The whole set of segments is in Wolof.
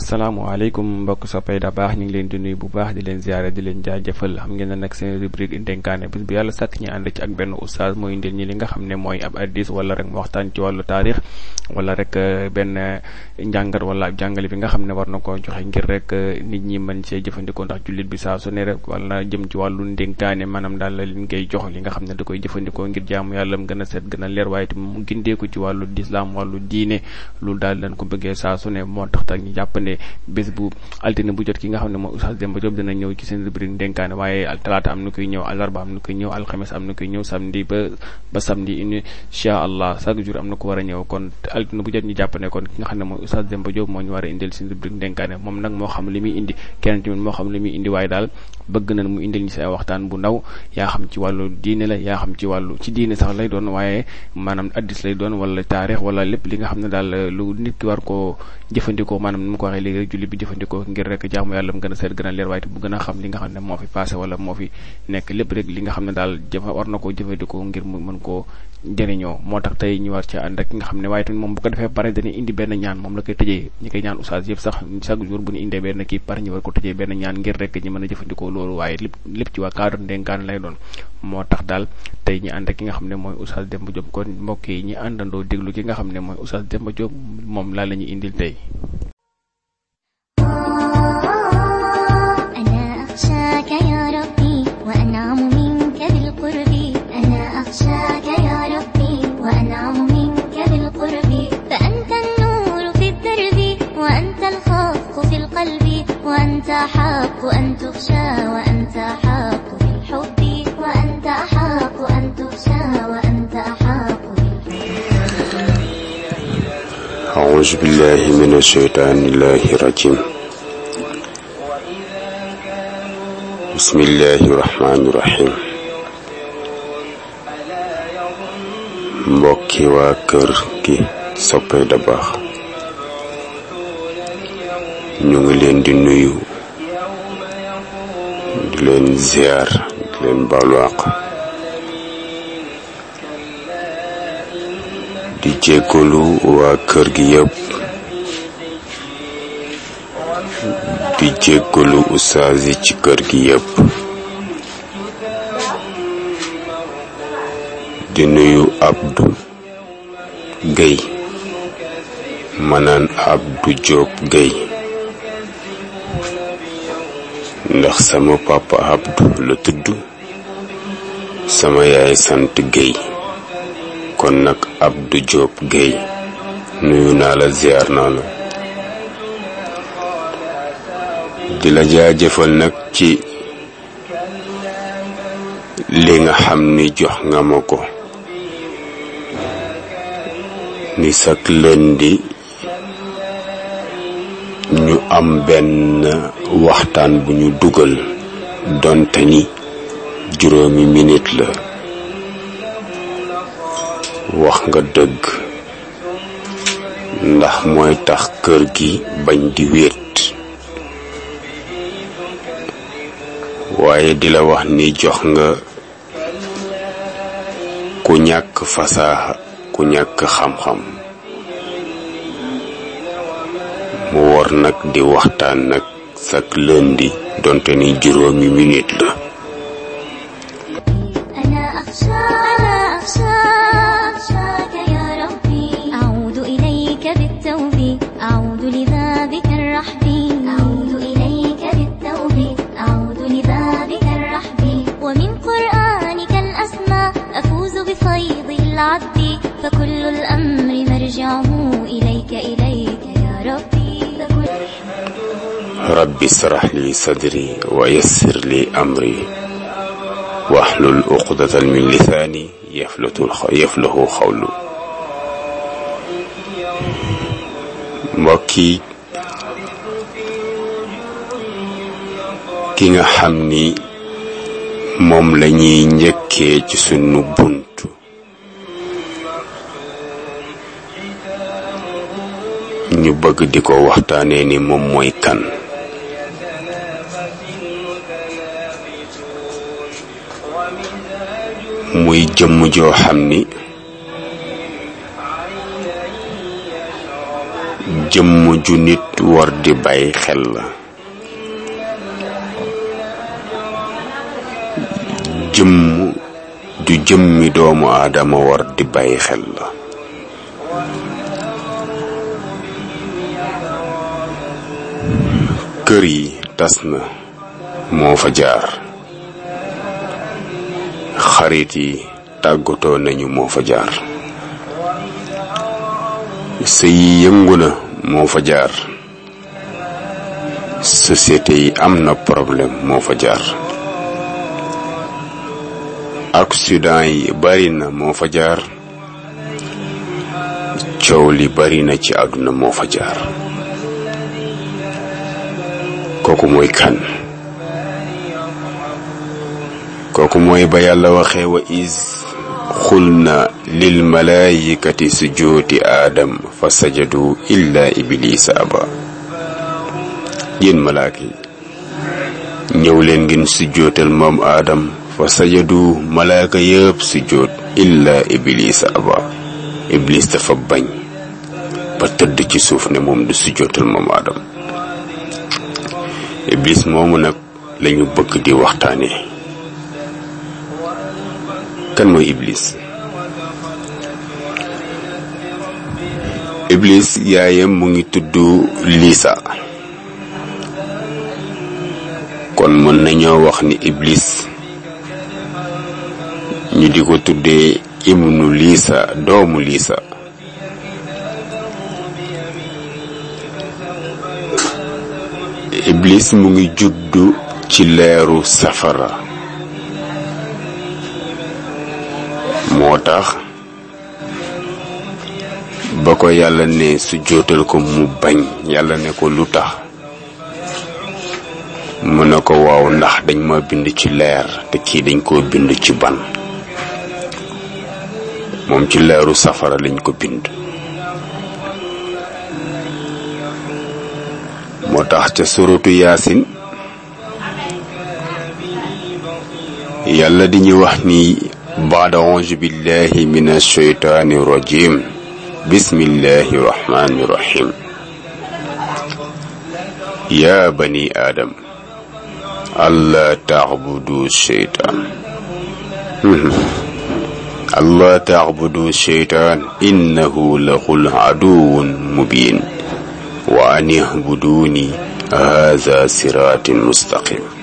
asalaamaaleykum mbokk soppay da baax ñu ngi leen di nuy bu baax di leen ziare di leen jaajëfal xam ngeen ne nag seen rubrique dénkaane bis bu yàlla sàkk ñu ànd ci ak benn oustaz mooy li nga xam ne mooy ab addis rek waxtaan ci wàllu taarix wala rek euh, benn euh, njàngat wala ab jàngale bi nga xam ne war na ko joxe ngir rek euh, nit ñi mën see jëfandikoo ndax jullit bi saa su ne rek wala jëm ci wàllu ndénkaane maanaam daal la liñ koy jox li nga xam ne da koy jëfandikoo ngir jaamu yàlla mu gën a seet gën a leer waaye tam mu gindeeku ci wàllu islam wàllu diine loolu daal lan ko bëggee saa su ne moo tax tax ñu jàpp ne bés bu altine bu jot ki nga xam ne mooy Oustaz Demba Diop dina ñëw ci seen rubrique dénkaane waaye talaata am na koy ñëw àllarba am na koy ñëw alxames am na koy ñëw samedi ba ba samedi incha allah chaque jour am na ko war a ñëw kon altine bu jot ñu jàpp kon ki nga xam ne mooy Oustaz Demba moo ñu war a indil seen rubrique dénkaane moom nag moo xam li muy indi kenn tamit moo xam li muy indi waaye daal bëgg nañ mu indil ñu si waxtaan bu ndaw yaa la yaa xam ci wàllu ci diine sax lay doon waaye maanaam addis waxee léegi julli bi jëfandikoo ngir rek jaamu yàlla mu gën a seet gën a leer waaye te bu gën a xam li ne lépp rek li nga ne daal jëf war na koo jëfandikoo ngir mu mën koo jëriñoo moo tax tey ñu war ci ànd rek xam ne waaye tamit moom bu ko defee pare dañuy indi benn ñaan moom la koy tëjee ñi koy ñaan oustaz yëpp sax chaque jour bu ñu indee benn kii pare ñu war ko tëjee benn ñaan ngir rek a jëfandikoo loolu waaye lépp lépp tax daal tey ñi ànd ki nga xam ne mooy oustaz Demba Diop kon mbokk yi ñi àndandoo déglu ki nga xam ne mooy oustaz Demba Diop moom laa la ñuy indil tey أخشاك يا ربي وأنعم منك بالقرب فأنت النور في الدرب وأنت الحق في القلب وأنت حق أن تخشى وأنت حق في الحب وأنت حق أن تخشى وأنت حق أعوذ بالله من الشيطان الله الرجيم بسم الله الرحمن الرحيم mbokki waa kër gi soppe da baax ñu ngi leen di nuyu di leen ziar di leen baalu di jéggalu waa kër gi yëpp di jéggalu ustaas yi ci kër gi yépp di nuyu Abdou Guèye ma naan Abdou Diop Guèye ndax sama papa Abdou la tudd sama yaay sant Guèye kon nag Abdou Diop Guèye nuyu naa la ziar naa la di la jaajëfal nag ci li nga xam ni jox nga ma ko ni sag lundi ñu am benn waxtaan bu ñu dugal donte ni juróomi minit la wax nga dëgg ndax mooy tax kër gi bañ di wéet waaye dila wax ni jox nga ku ñàkk fasaaxa ku ñàkk xam-xam mu war nag di waxtaan nag sak lëndi donte ni juróomi minute la rabbi israh li sadri wa yassir li amri wahlul uqdatan min lisaani yaflahu xawlu mbokk ki nga xam ni moom lañuy njëkkee ci sunu bunt ñu bëgg di ko waxtaanee ni moom mooy kan muy jëmm joo xam ni jëmm ju nit war di bàyyi xel la jëmm ju jëmmi doomu aadama war di bàyyi xel la kër yi tas moo fa jaar xarit yi tàggatoo nañu moo fa jaar sëy yi yëngu na moo fa jaar société yi am na problème moo fa jaar ak accident yi bari na moo fa jaar coow li bari na ci àdduna moo fa jaar kooku mooy kan kooku mooy ba yàlla waxee wa is xulna lil malaayikati sujuudi aadam fa sajadu illa iblisa aba yéen malaaka yi ñëw leen ngeen sujjootal moom aadam fa sajadu malaaka yëpp sujjoot illa iblisa aba iblis dafa bañ ba tëdd ci suuf ne moom du sujjootal moom aadam iblis moomu nag lañu bëgg di waxtaane kan mooy iblis iblis yaayam mu ngi tudd liisa kon mën nañoo wax ni iblis ñu di ko tuddee ibnu liisa doomu liisa iblis mu ngi juddu ci leeru safara moo tax ba ko yàlla ne su jootal ko mu bañ yàlla ne ko lu tax mën na ko waaw ndax dañ ma bind ci leer te kii dañ koo bind ci ban moom ci leeru safara lañ ko bind moo tax ca suratu yaasin yàlla di wax nii baada auzu billahi min asheytaani rajim bismillahi rahmaani rahim yaa bani aadam allah taabudu sheytaan allah taabudu sheytaan innahu laxul aduwun mubin wa an ihbuduni haza siratin mustaqim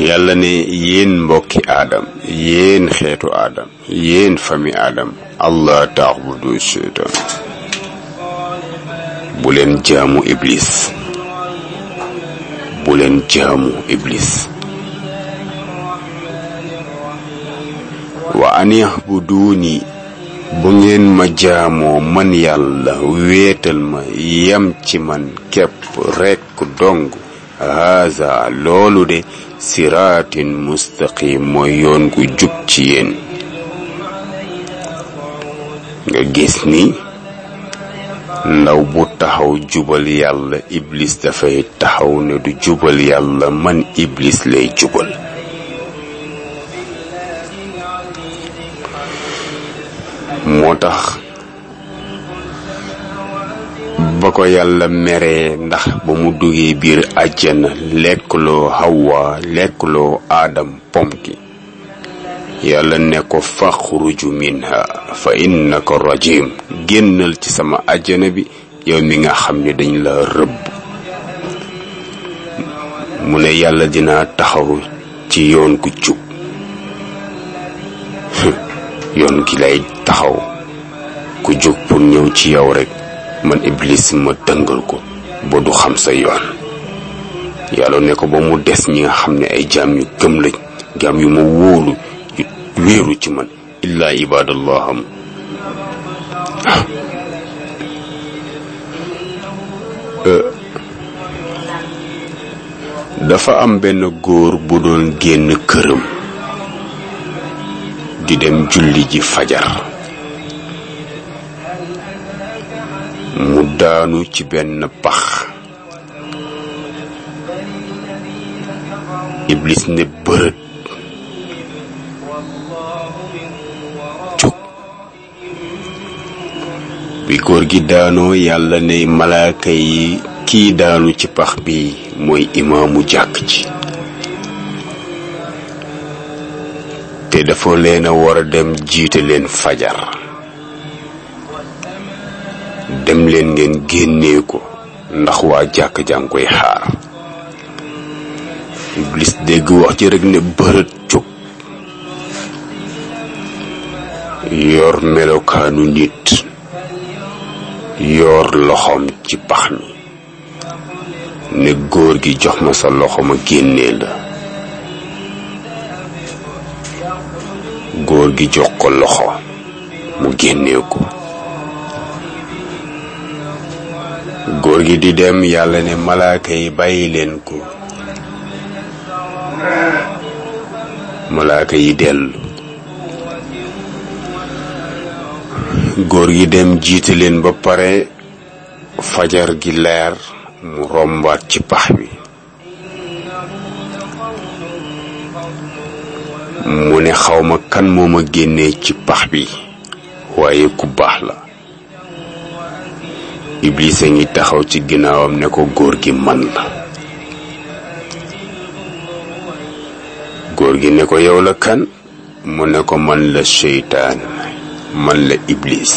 yàlla ne yéen mbokki aadam yéen xeetu aadam yéen fami aadam allah taabudu seytaan bu leen jaamu iblis bu leen jaamu iblis wa an yahbuduuni bu ngeen ma jaamoo man yàlla wéetal ma yem ci man képp rekk dong haza loolu de siraatin mustaqim mooy yoon gu jub ci yéen nga gis ni ndaw bu taxaw jubal yàlla iblis dafay taxaw ne du jubal yàlla man iblis lay jubal moo tax ba ko yàlla mere ndax ba mu duggee biir àjjana lekkloo hawa lekkloo aadam pomki yàlla ne ko faxruju minha fa innaka rajim génnal ci sama àjjana bi yow mi nga xam ni dañ la rëbb mu ne yàlla dinaa taxaw ci yoon ku jub yoon gi lay taxaw ku jug pour ñëw ci yow rekk man iblis ma tëngal ko ba du xam sa yoon yàlla ne ko ba mu des ñi nga xam ne ay jaam yu gëm jaam yu ma wóolu yu wéeru ci man illaa ibadallaham ah. eh. dafa am benn góor bu doon génn këram di dem julli ji fajar daanu ci benn pax iblis ne bërët jóg bi góor gi daanoo yàlla ne malaaka yi kii daanu ci pax bi mooy imaamu jàkk ci te dafa leen a war dem jiite leen fajar dem leen ngeen génnee ko ndax waa jàkk jàng koy xaar iblis dégg wax ci rek ne bërët jóg yor melokaanu nit yor loxoom ci pax mi ne góor gi jox ma sa loxo ma génnee la góor gi jox ko loxo mu génnee ko góor gi di dem yàlla ne malaaka yi bàyyi leen ko malaaka yi dellu góor gi dem jiite leen ba pare fajar gi leer mu rombaat ci pax bi mu ne xawma kan moo ma génnee ci pax bi waaye ku baax la Iblisa ngi taxaw ci ginnaawam ne ko góor gi man la góor gi ne ko yow la kan mu ne ko man la seytaan man la Iblis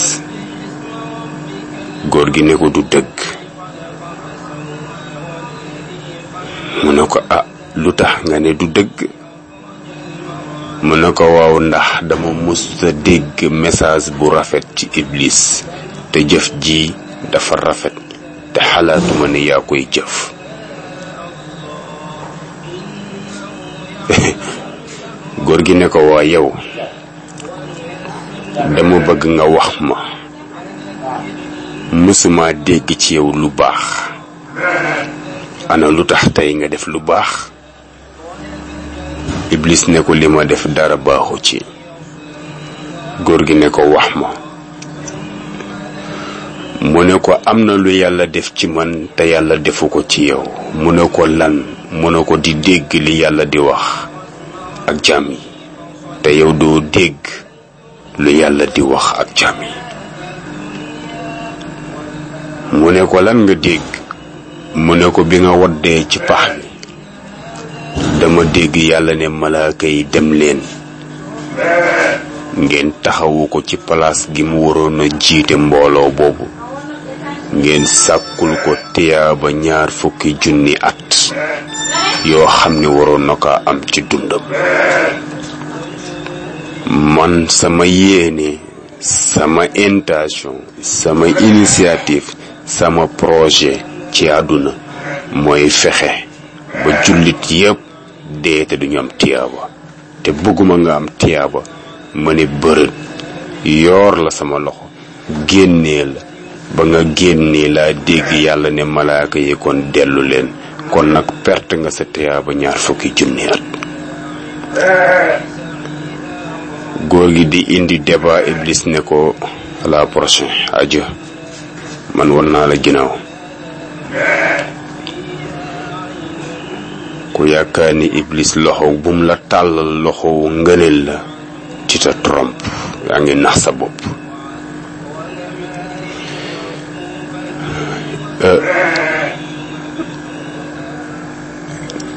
góor gi ne ko du dëgg mu ne ko ah lu tax nga ne du dëgg mu ne ko waaw ndax dama mës a dégg message bu rafet ci Iblis te jëf ji dafa rafet te xalaatuma ne yaa koy jëf góor gi ne ko waa yow dama bëgg nga wax ma mësuma dégg ci yow lu baax ana lu tax tey nga def lu baax iblis ne ko li ma def dara baaxu ci góor gi ne ko wax ma mu ne ko am na lu yàlla def ci man te yàlla defu ko ci yow mu ne ko lan mu ne ko di dégg li yàlla di wax ak jaam yi te yow doo dégg lu yàlla di wax ak jaam mu ne ko lan nga dégg mu ne ko bi nga waddee ci pax mi dama dégg yàlla ne malaaka yi dem leen ngeen taxawu ko ci palaas gi mu waroon a jiite mbooloo boobu ngeen sàkkul ko tiyaaba ñaar fukki junni at yoo xam ni waroon na ko am ci dundam man sama yéene sama intention sama initiative sama projet ci àdduna mooy fexe ba jullit yépp dee te duñu am tiyaaba te bëgguma nga am tiyaaba ma ne bërët yoor la sama loxo génnee la ba nga génnee laa dégg yàlla ne malaaka yi kon dellu leen kon nag perte nga sa tiyaaba ñaar fukki junni at góor gi di indi débat iblis ne ko à la prochaine aja man won naa la ginnaaw ku yaakaar ni iblis loxo bu mu la tàllal loxo ngëneel la ci ta trompe yaa ngi nax sa bopp Euh,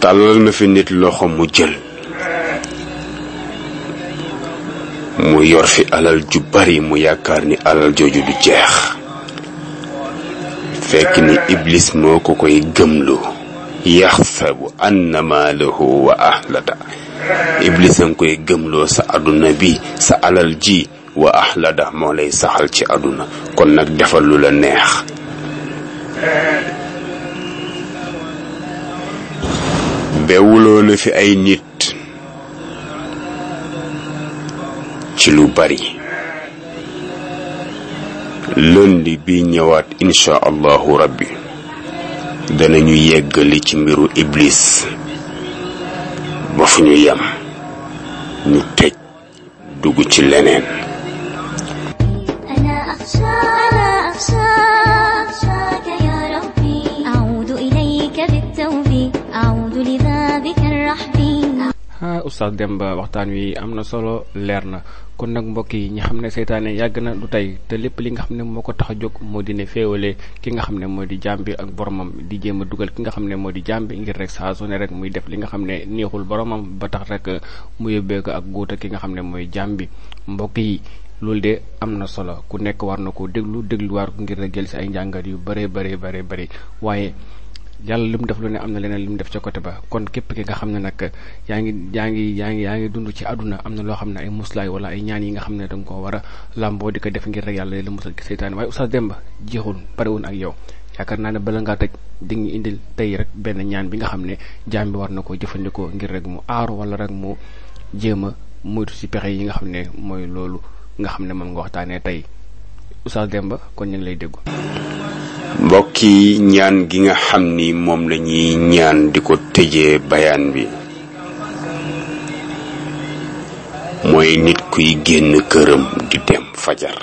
tàllal na fi nit loxo mu jël mu yor fi alal ju bari mu yaakaar ni alal jooju du jeex fekk ni iblis moo ko koy gëmloo yaxsabu anna maalahu wa ahlada iblis koy gëmloo sa àdduna bi sa alal ji wa ahlada moo lay saxal ci àdduna kon nag defal lu la neex bewuloo na fi ay nit ci lu bari lundi bi ñëwaat incha allahu rabbi danañu yeggali ci mbiru iblis ba fu ñu yem ñu tëj dugg ci leneen dem Demba waxtaan wi am na solo leer na kon nag mbokk yi ñu xam ne seytaane yàgg na du tey te lépp li nga xam ne moo ko tax a jóg moo di ne féewale ki nga xam ne mooy di jaam bi ak boromam di jéem a dugal ki nga xam ne moo di jaam bi ngir rek saa su ne rek muy def li nga xam ne neexul boromam ba tax rek mu yóbbee ak góota ki nga xam ne mooy jaam bi mbokk yi. loolu de am na solo ku nekk war na ko déglu dégluwaat ko ngir a jël ci ay njàngat yu bare bare bare bare waaye yàlla li mu def lu ne am na leneen li mu def ca côté ba kon képp ki nga xam ne nag yaa ngi yaa ngi yaa ngi yaa ngi dund ci àdduna am na loo xam ne ay muslaay wala ay ñaan yi nga xam ne danga ko war a làmboo di ko def ngir rek yàlla la musal ci seytaane waaye Oustaz Demba jeexul parewul ak yow yaakaar naa ne bala ngaa tëj di nga indil tey rek benn ñaan bi nga xam ne jaam bi war na ko jëfandikoo ngir rek mu aaru wala rek mu jéem a moytu ci pexe yi nga xam ne mooy loolu nga xam ne moom nga waxtaanee tey Oustaz Demba kon ñu lay déggu mbokki ñaan gi nga xam ni moom lañuy ñaan di ko tëjee bayaan bi mooy nit kuy génn këram di dem fajar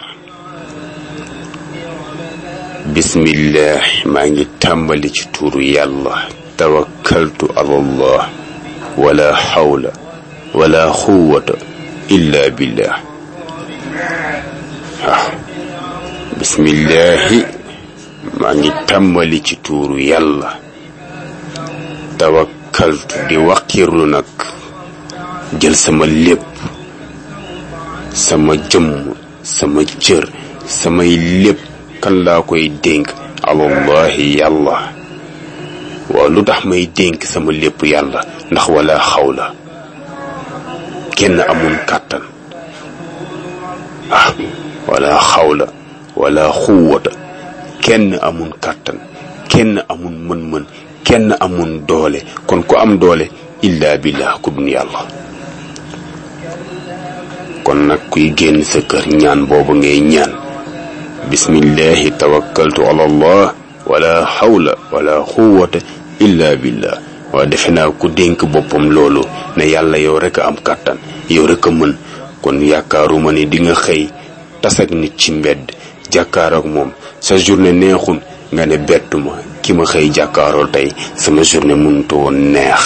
bismillah maa ngi tàmbali ci tuuru yàlla tawakkaltu ala wala xawla wala xuwata illa billah waaw maa ngi tàmbali ci tuuru yàlla tawakkaltu di lu nag jël sama lépp sama jëmm sama cër samay lépp kan laa koy dénk alallahi yàlla waaw lu tax may dénk sama lépp yàlla ndax walla xaw la kenn amul kàttan ah wala xawla wala xuwwata kenn amul kàttan kenn amul mën-mën kenn amul doole kon ku am doole illa billah ku dun yàlla kon nag kuy génn sa kër ñaan boobu ngay ñaan bismillahi tawakkaltu ala allah xawla wala quwwata illa billah waa defe naa ku dénk boppam loolu ne yàlla yow rek a am kàttan yow rek a mën kon yaakaaruma ni dinga xëy tas ak nit ci mbedd jàkkaar ak moom sa journée neexul nga ne bettu ma ki ma xëy jàkkaaroo tey sama journée mënutu woon neex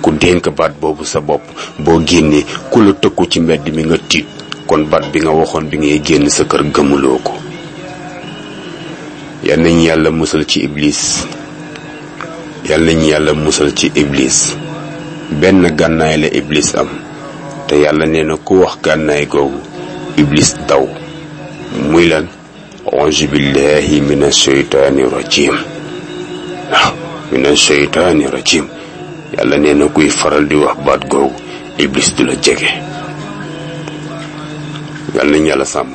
ku dénk baat boobu sa bopp boo génnee ku la tëkku ci mbedd mi nga tiit kon baat bi nga waxoon bi ngay génn sa kër gëmuloo ko yal nañu yàlla musal ci iblis yal nañu yàlla musal ci iblis benn gànnaay la iblis am te yàlla nee na ku wax gànnaay googu iblis daw muy lan auzu billahi min asheytaani rajim min asheytaani rajim yàlla nee kuy faral di wax baat googu iblis du la jege yàlla nañ yàlla sàmm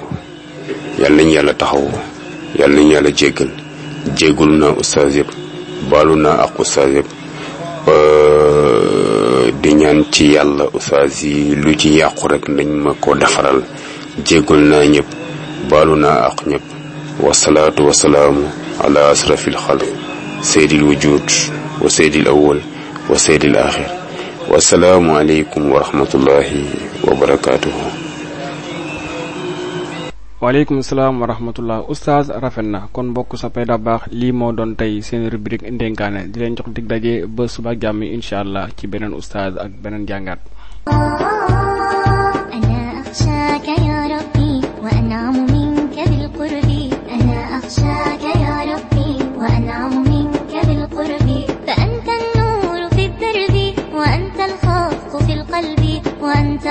yàlla nañ yàlla taxaw yàlla nañ yàlla jéggal jéggul na oustaz yëpp baalu naa ak oustaz yëpp di ñaan ci yàlla oustaz yi lu ci yàqu rek nañ ma ko defaral jéggul naa ñëpp baalu naa ak ñëpp wasalaatu wasalaamu ala asrafil xalq seydil wujud wa seydil awal wa seydil axir wasalaamu aleykum wa rahmatullahi wa barakaatuhu waaleykum salaam wa rahmatullah oustaz rafet na kon mbokk sa pay baax lii moo doon tey seen rubrique ndénkaane di leen jox dig daje ba suba jàmm incha allah ci beneen oustaz ak beneen jàngat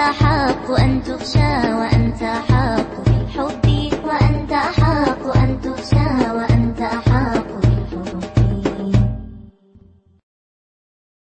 حق أن تخشى وأنت حق